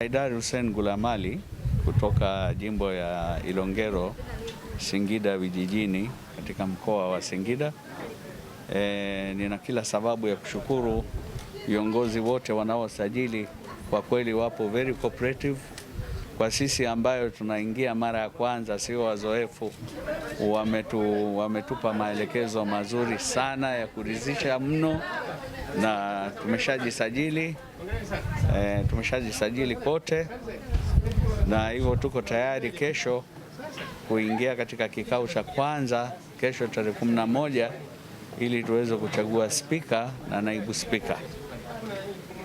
Haidar Hussein Gulamali kutoka jimbo ya Ilongero Singida vijijini katika mkoa wa Singida. E, nina kila sababu ya kushukuru viongozi wote wanaosajili, kwa kweli wapo very cooperative kwa sisi ambayo tunaingia mara ya kwanza, sio wazoefu. Wametu, wametupa maelekezo mazuri sana ya kuridhisha mno na tumeshajisajili e, tumeshajisajili kote na hivyo tuko tayari kesho kuingia katika kikao cha kwanza kesho tarehe kumi na moja ili tuweze kuchagua spika na naibu spika.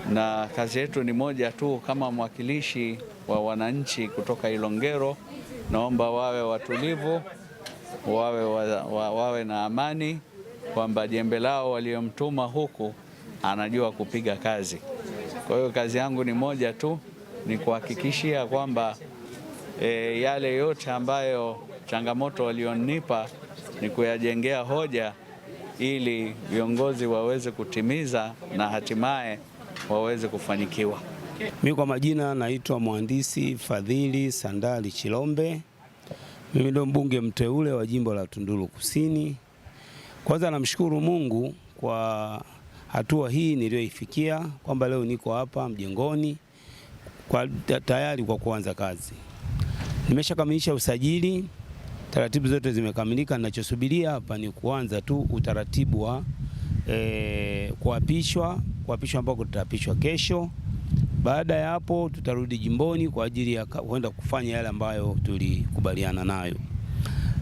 Na kazi yetu ni moja tu, kama mwakilishi wa wananchi kutoka Ilongero, naomba wawe watulivu, wawe, wa, wa, wawe na amani kwamba jembe lao waliomtuma huku anajua kupiga kazi. Kwa hiyo kazi yangu ni moja tu, ni kuhakikishia kwamba e, yale yote ambayo changamoto walionipa ni kuyajengea hoja ili viongozi waweze kutimiza na hatimaye waweze kufanikiwa. Mimi kwa majina naitwa mhandisi Fadhili Sandali Chilombe. Mimi ndio mbunge mteule wa jimbo la Tunduru Kusini. Kwanza namshukuru Mungu kwa hatua hii niliyoifikia kwamba leo niko hapa mjengoni kwa tayari kwa kuanza kazi. Nimeshakamilisha usajili, taratibu zote zimekamilika. Ninachosubiria hapa ni kuanza tu utaratibu wa e, kuapishwa, kuapishwa ambako tutaapishwa kesho. Baada ya hapo, tutarudi jimboni kwa ajili ya kwenda kufanya yale ambayo tulikubaliana nayo.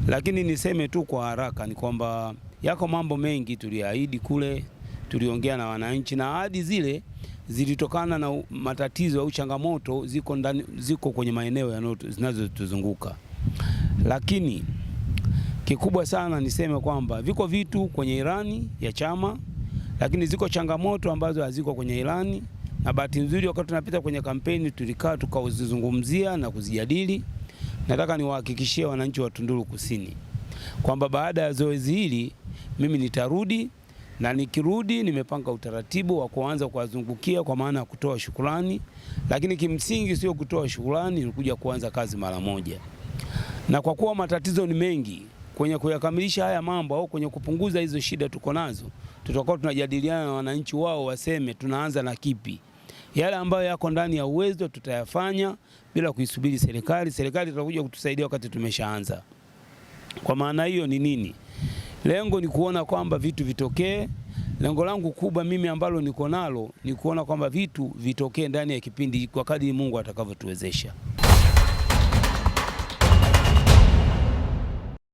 Lakini niseme tu kwa haraka ni kwamba yako mambo mengi tuliahidi kule tuliongea na wananchi, na ahadi zile zilitokana na matatizo au changamoto ziko ndani, ziko kwenye maeneo zinazotuzunguka, lakini kikubwa sana niseme kwamba viko vitu kwenye ilani ya chama, lakini ziko changamoto ambazo haziko kwenye ilani. Na bahati nzuri, wakati tunapita kwenye kampeni, tulikaa tukazizungumzia na kuzijadili. Nataka niwahakikishie wananchi wa Tunduru Kusini kwamba baada ya zoezi hili mimi nitarudi na nikirudi nimepanga utaratibu wa kuanza kuwazungukia kwa maana ya kutoa shukurani, lakini kimsingi sio kutoa shukurani, ni kuja kuanza kazi mara moja. Na kwa kuwa matatizo ni mengi kwenye kuyakamilisha haya mambo au kwenye kupunguza hizo shida tuko nazo, tutakuwa tunajadiliana na wananchi wao waseme tunaanza na kipi. Yale ambayo yako ndani ya uwezo tutayafanya bila kuisubiri serikali. Serikali itakuja kutusaidia wakati tumeshaanza. Kwa maana hiyo ni nini? Lengo ni kuona kwamba vitu vitokee. Lengo langu kubwa mimi ambalo niko nalo ni kuona kwamba vitu vitokee ndani ya kipindi kwa kadri Mungu atakavyotuwezesha.